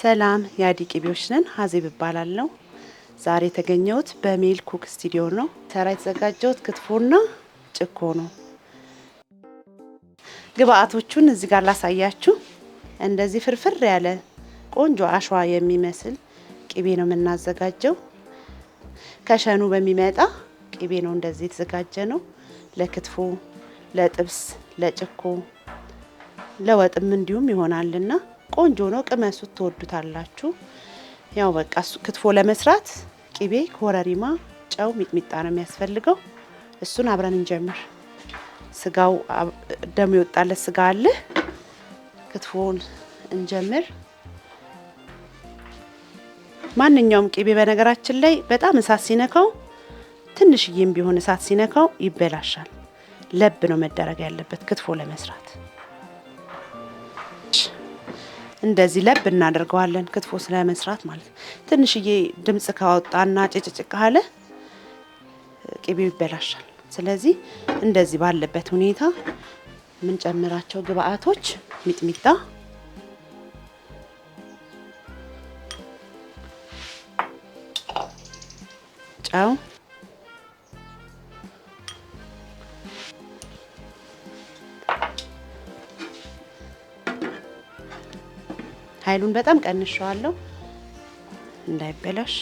ሰላም የአዲ ቅቤዎች ነን። ሀዜብ እባላለሁ። ዛሬ የተገኘሁት በሜል ኩክ ስቱዲዮ ነው። ተራ የተዘጋጀሁት ክትፎና ጭኮ ነው። ግብአቶቹን እዚህ ጋር ላሳያችሁ። እንደዚህ ፍርፍር ያለ ቆንጆ አሸዋ የሚመስል ቅቤ ነው የምናዘጋጀው። ከሸኑ በሚመጣ ቅቤ ነው እንደዚህ የተዘጋጀ ነው። ለክትፎ፣ ለጥብስ፣ ለጭኮ፣ ለወጥም እንዲሁም ይሆናልና ቆንጆ ነው። ቅመሱት፣ ትወዱታላችሁ። ያው በቃ ክትፎ ለመስራት ቂቤ ኮረሪማ፣ ጨው፣ ሚጥሚጣ ነው የሚያስፈልገው። እሱን አብረን እንጀምር። ስጋው ደም የወጣለት ስጋ አለ። ክትፎውን እንጀምር። ማንኛውም ቅቤ በነገራችን ላይ በጣም እሳት ሲነካው ትንሽዬም ቢሆን እሳት ሲነካው ይበላሻል። ለብ ነው መደረግ ያለበት ክትፎ ለመስራት እንደዚህ ለብ እናደርገዋለን። ክትፎ ስለመስራት ማለት ነው። ትንሽዬ ድምፅ ካወጣና ጭጭጭ ካለ ቅቤው ይበላሻል። ስለዚህ እንደዚህ ባለበት ሁኔታ የምንጨምራቸው ግብአቶች ሚጥሚጣ፣ ጨው ኃይሉን በጣም ቀንሸዋለሁ እንዳይበላሽ።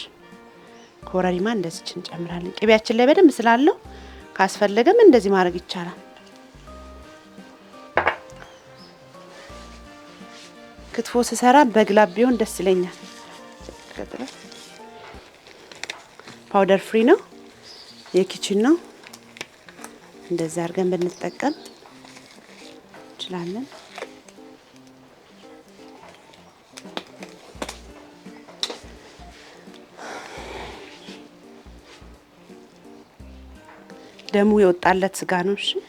ኮረሪማ እንደዚች እንጨምራለን። ቅቤያችን ላይ በደንብ ስላለው ካስፈለገም እንደዚህ ማድረግ ይቻላል። ክትፎ ስሰራ በግላብ ቢሆን ደስ ይለኛል። ፓውደር ፍሪ ነው፣ የኪችን ነው። እንደዚህ አድርገን ብንጠቀም እንችላለን። ደሙ የወጣለት ስጋ ነው። እሺ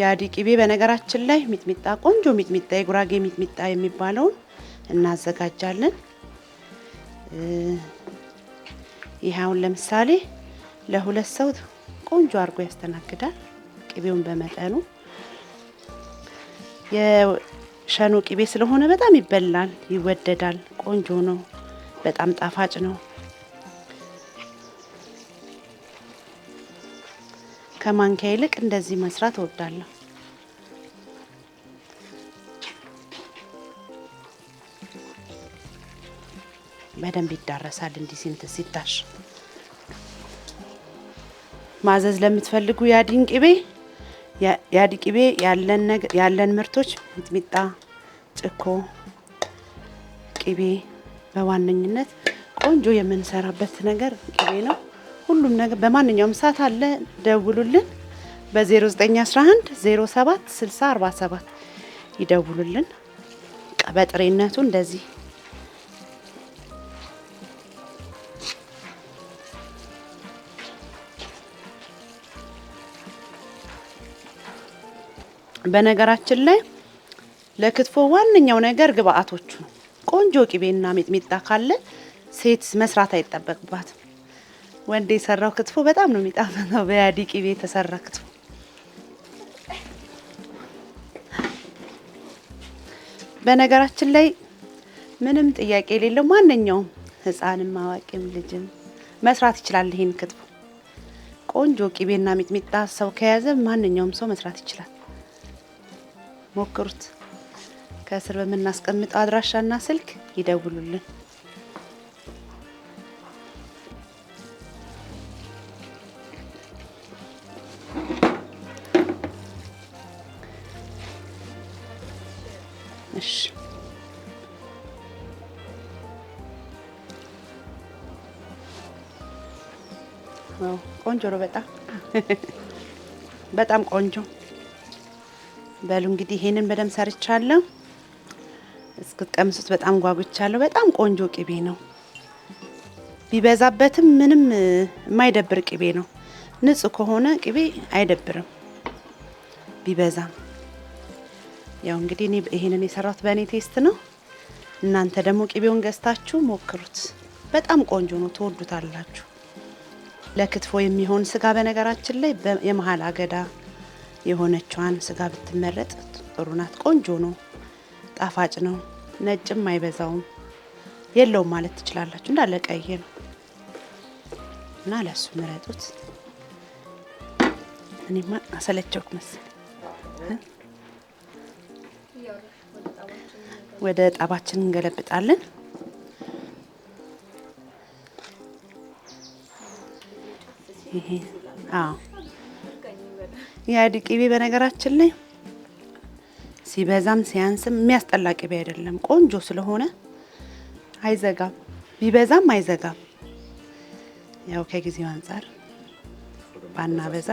የአዲ ቅቤ በነገራችን ላይ ሚጥሚጣ ቆንጆ ሚጥሚጣ የጉራጌ ሚጥሚጣ የሚባለውን እናዘጋጃለን። ይህ አሁን ለምሳሌ ለሁለት ሰው ቆንጆ አድርጎ ያስተናግዳል። ቅቤውን በመጠኑ የሸኖ ቅቤ ስለሆነ በጣም ይበላል፣ ይወደዳል። ቆንጆ ነው፣ በጣም ጣፋጭ ነው። ከማንኪያ ይልቅ እንደዚህ መስራት እወዳለሁ። በደንብ ይዳረሳል። እንዲህ ሲንት ሲታሽ ማዘዝ ለምትፈልጉ የአዲን ቅቤ ያድቂቤ ያለን ምርቶች ሚጥሚጣ፣ ጭኮ፣ ቂቤ በዋነኝነት ቆንጆ የምንሰራበት ነገር ቂቤ ነው። ሁሉም ነገር በማንኛውም ሰዓት አለ። ደውሉልን በ0911 07 60 47 ይደውሉልን። በጥሬነቱ እንደዚህ በነገራችን ላይ ለክትፎ ዋነኛው ነገር ግብአቶቹ ነው። ቆንጆ ቂቤና ሚጥሚጣ ካለ ሴት መስራት አይጠበቅባትም። ወንድ የሰራው ክትፎ በጣም ነው የሚጣፍጠው። በያዲ ቂቤ የተሰራ ክትፎ በነገራችን ላይ ምንም ጥያቄ የሌለው ማንኛውም ህፃንም አዋቂም ልጅም መስራት ይችላል። ይሄን ክትፎ ቆንጆ ቂቤና ሚጥሚጣ ሰው ከያዘ ማንኛውም ሰው መስራት ይችላል። ሞክሩት። ከስር በምናስቀምጠው አድራሻና ስልክ ይደውሉልን። ቆንጆ ነው። በጣም በጣም ቆንጆ በሉ እንግዲህ ይሄንን በደንብ ሰርቻለሁ። እስክትቀምሱት በጣም ጓጉቻለሁ። በጣም ቆንጆ ቅቤ ነው። ቢበዛበትም ምንም የማይደብር ቅቤ ነው። ንጹህ ከሆነ ቅቤ አይደብርም ቢበዛም። ያው እንግዲህ እኔ ይሄንን የሰራሁት በእኔ ቴስት ነው። እናንተ ደግሞ ቅቤውን ገዝታችሁ ሞክሩት። በጣም ቆንጆ ነው፣ ትወዱታላችሁ። ለክትፎ የሚሆን ስጋ በነገራችን ላይ የመሀል አገዳ የሆነችዋን ስጋ ብትመረጥ ጥሩ ናት። ቆንጆ ነው፣ ጣፋጭ ነው፣ ነጭም አይበዛውም የለውም ማለት ትችላላችሁ። እንዳለ ቀይ ነው እና ለሱ ምረጡት። እኔማ አሰለቸውት መሰለኝ። ወደ ጣባችን እንገለብጣለን። አዎ የአይብ ቅቤ በነገራችን ላይ ሲበዛም ሲያንስም የሚያስጠላ ቅቤ አይደለም። ቆንጆ ስለሆነ አይዘጋም፣ ቢበዛም አይዘጋም። ያው ከጊዜው አንጻር ባና በዛ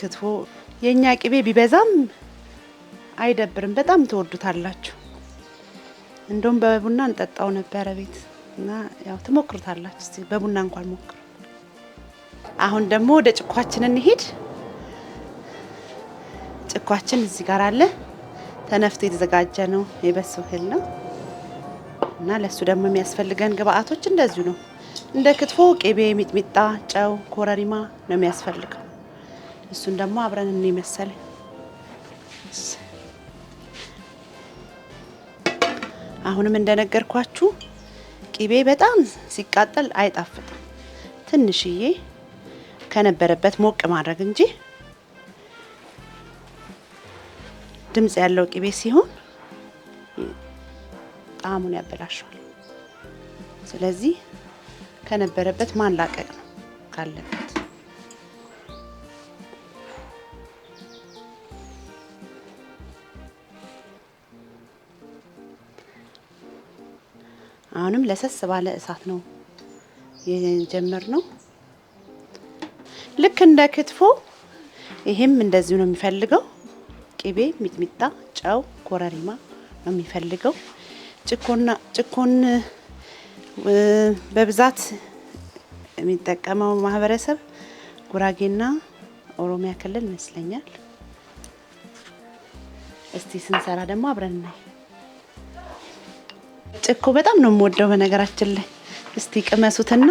ክትፎ የእኛ ቅቤ ቢበዛም አይደብርም። በጣም ትወዱታላችሁ። እንደውም በቡና እንጠጣው ነበረ ቤት እና ያው ትሞክሩታላችሁ። እስቲ በቡና እንኳን ሞክሩ። አሁን ደግሞ ወደ ጭኳችን እንሂድ። ጭኳችን እዚህ ጋር አለ። ተነፍቶ የተዘጋጀ ነው። የበሰው እህል ነው እና ለሱ ደግሞ የሚያስፈልገን ግብአቶች እንደዚሁ ነው። እንደ ክትፎ ቄቤ፣ ሚጥሚጣ፣ ጨው፣ ኮረሪማ ነው የሚያስፈልገው። እሱን ደግሞ አብረን እንመሰል። አሁንም እንደነገርኳችሁ ቂቤ በጣም ሲቃጠል አይጣፍጥም። ትንሽዬ ከነበረበት ሞቅ ማድረግ እንጂ ድምፅ ያለው ቂቤ ሲሆን ጣዕሙን ያበላሸዋል። ስለዚህ ከነበረበት ማላቀቅ ነው ካለበት አሁንም ለሰስ ባለ እሳት ነው የጀመርነው። ልክ እንደ ክትፎ ይሄም እንደዚሁ ነው የሚፈልገው። ቅቤ፣ ሚጥሚጣ፣ ጨው፣ ኮረሪማ ነው የሚፈልገው። ጭኮና ጭኮን በብዛት የሚጠቀመው ማህበረሰብ ጉራጌና ኦሮሚያ ክልል ይመስለኛል። እስቲ ስንሰራ ደግሞ አብረን እናይ። ጭኮ በጣም ነው የምወደው። በነገራችን ላይ እስቲ ቅመሱትና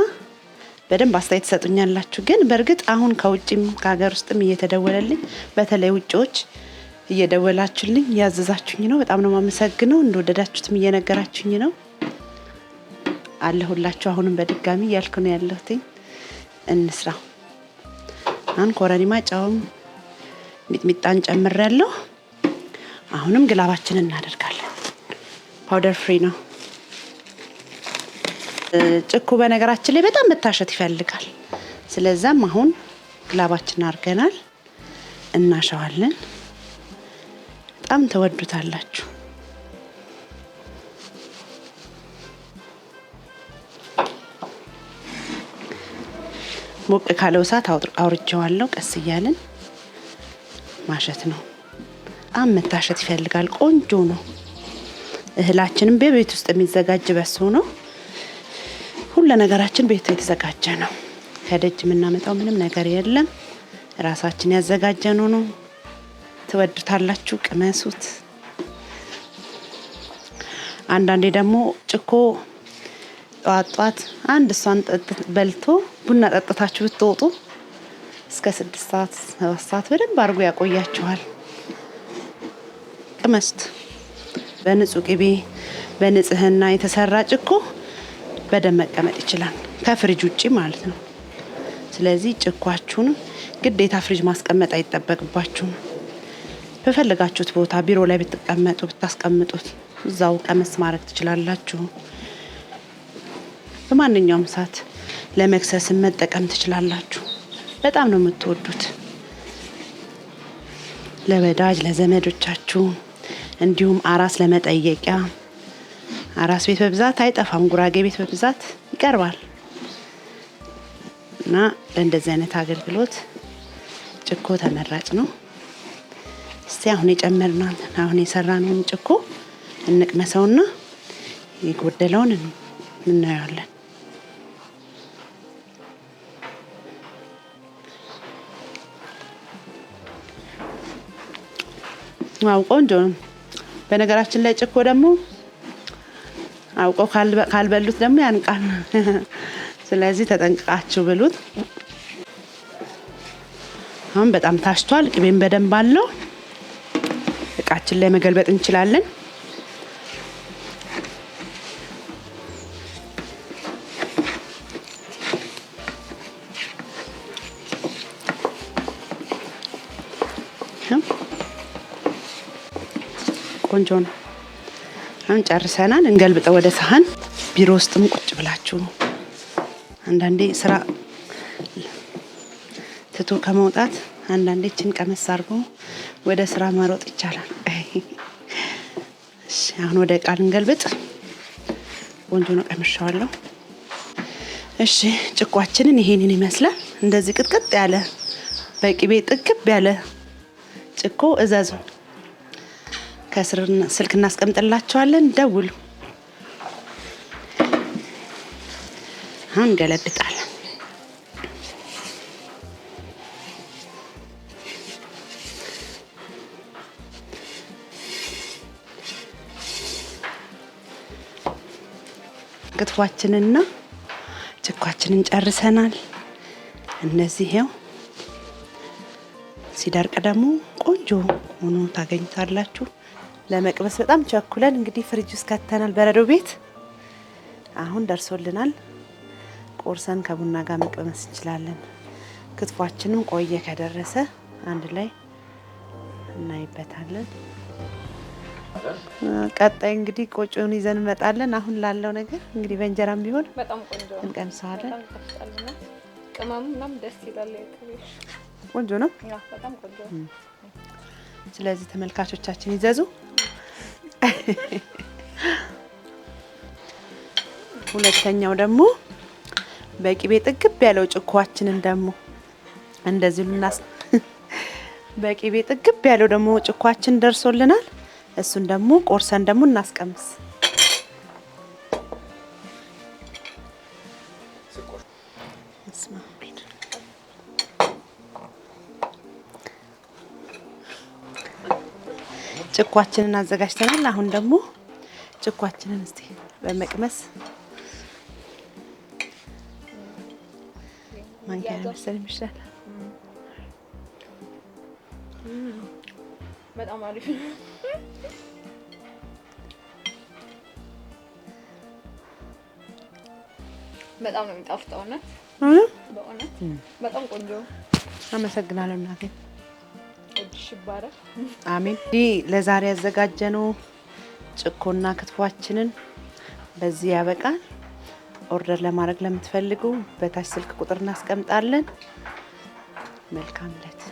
በደንብ አስተያየት ትሰጡኛላችሁ። ግን በእርግጥ አሁን ከውጭም ከሀገር ውስጥም እየተደወለልኝ በተለይ ውጭዎች እየደወላችሁልኝ ያዘዛችሁኝ ነው። በጣም ነው የማመሰግነው። እንደወደዳችሁትም እየነገራችሁኝ ነው። አለሁላችሁ አሁንም በድጋሚ እያልኩ ነው ያለሁት። እንስራ አሁን ኮረሪማ ጨውም ሚጥሚጣን ጨምሬያለሁ። አሁንም ግላባችንን እናደርጋለን። ፓውደር ፍሪ ነው። ጭኩ በነገራችን ላይ በጣም መታሸት ይፈልጋል። ስለዛም አሁን ግላባችን አድርገናል እናሸዋለን። በጣም ተወዱታላችሁ። ሞቅ ካለው እሳት አውርጀዋለሁ። ቀስ እያልን ማሸት ነው። በጣም መታሸት ይፈልጋል። ቆንጆ ነው። እህላችንም በቤት ውስጥ የሚዘጋጅ በሶ ነው። ሁሉ ነገራችን ቤት የተዘጋጀ ነው። ከደጅ የምናመጣው ምንም ነገር የለም። ራሳችን ያዘጋጀ ነው። ትወዱታላችሁ፣ ቅመሱት። አንዳንዴ ደግሞ ጭኮ ጠዋት ጧት አንድ እሷን በልቶ ቡና ጠጥታችሁ ብትወጡ እስከ ስድስት ሰዓት ሰባት ሰዓት በደንብ አድርጎ ያቆያችኋል። ቅመሱት። በንጹህ ቅቤ በንጽህና የተሰራ ጭኮ በደንብ መቀመጥ ይችላል፣ ከፍሪጅ ውጭ ማለት ነው። ስለዚህ ጭኳችሁንም ግዴታ ፍሪጅ ማስቀመጥ አይጠበቅባችሁም። በፈለጋችሁት ቦታ ቢሮ ላይ ብትቀመጡ ብታስቀምጡት እዛው ቀመስ ማድረግ ትችላላችሁ። በማንኛውም ሰዓት ለመክሰስ መጠቀም ትችላላችሁ። በጣም ነው የምትወዱት። ለወዳጅ ለዘመዶቻችሁ፣ እንዲሁም አራስ ለመጠየቂያ አራስ ቤት በብዛት አይጠፋም፣ ጉራጌ ቤት በብዛት ይቀርባል እና ለእንደዚህ አይነት አገልግሎት ጭኮ ተመራጭ ነው። እስቲ አሁን የጨመርናል አሁን የሰራነውን ጭኮ እንቅመሰውና የጎደለውን እናየዋለን። ዋው ቆንጆ ነው። በነገራችን ላይ ጭኮ ደግሞ አውቀው ካልበሉት ደግሞ ያንቃል። ስለዚህ ተጠንቅቃችሁ ብሉት። አሁን በጣም ታሽቷል። ቅቤም በደንብ አለው። እቃችን ላይ መገልበጥ እንችላለን። ቆንጆ ነው። አሁን ጨርሰናል። እንገልብጠ ወደ ሳህን። ቢሮ ውስጥም ቁጭ ብላችሁ አንዳንዴ ስራ ትቶ ከመውጣት አንዳንዴ ችን ቀመስ አድርጎ ወደ ስራ መሮጥ ይቻላል። አሁን ወደ ቃል እንገልብጥ ቆንጆ ነው፣ ቀምሻዋለሁ። እሺ ጭቋችንን ይሄንን ይመስላል። እንደዚህ ቅጥቅጥ ያለ በቂቤ ጥግብ ያለ ጭኮ እዘዙ። ከስር ስልክ እናስቀምጥላቸዋለን። ደውሉ። አሁን ገለብጣለን። ክትፏችንና ችኳችንን ጨርሰናል። እነዚህ ያው ሲደርቅ ደግሞ ቆንጆ ሆኖ ታገኝታላችሁ። ለመቅመስ በጣም ቸኩለን እንግዲህ ፍሪጅ ውስጥ ከተናል። በረዶ ቤት አሁን ደርሶልናል። ቆርሰን ከቡና ጋር መቅመስ እንችላለን። ክትፏችንም ቆየ ከደረሰ አንድ ላይ እናይበታለን። ቀጣይ እንግዲህ ቆጮን ይዘን እንመጣለን። አሁን ላለው ነገር እንግዲህ በእንጀራም ቢሆን እንቀምሰዋለን። ቆንጆ ነው። ስለዚህ ተመልካቾቻችን ይዘዙ። ሁለተኛው ደግሞ በቂቤ ጥግብ ያለው ጭኳችንን ደግሞ እንደዚህ ልናስ በቂቤ ጥግብ ያለው ደግሞ ጭኳችን ደርሶልናል። እሱን ደግሞ ቆርሰን ደግሞ እናስቀምስ። ጭኳችንን አዘጋጅተናል። አሁን ደግሞ ጭኳችንን እስቲ በመቅመስ ማንኪያ መሰል ይመስላል። በጣም አሪፍ በጣም ነው የሚጣፍጠው። እውነት በእውነት በጣም ቆንጆ። አመሰግናለሁ እናቴ። ይባረክ። አሜን። ይህ ለዛሬ ያዘጋጀነው ጭኮና ክትፏችንን በዚህ ያበቃል። ኦርደር ለማድረግ ለምትፈልጉ በታች ስልክ ቁጥር እናስቀምጣለን። መልካም ዕለት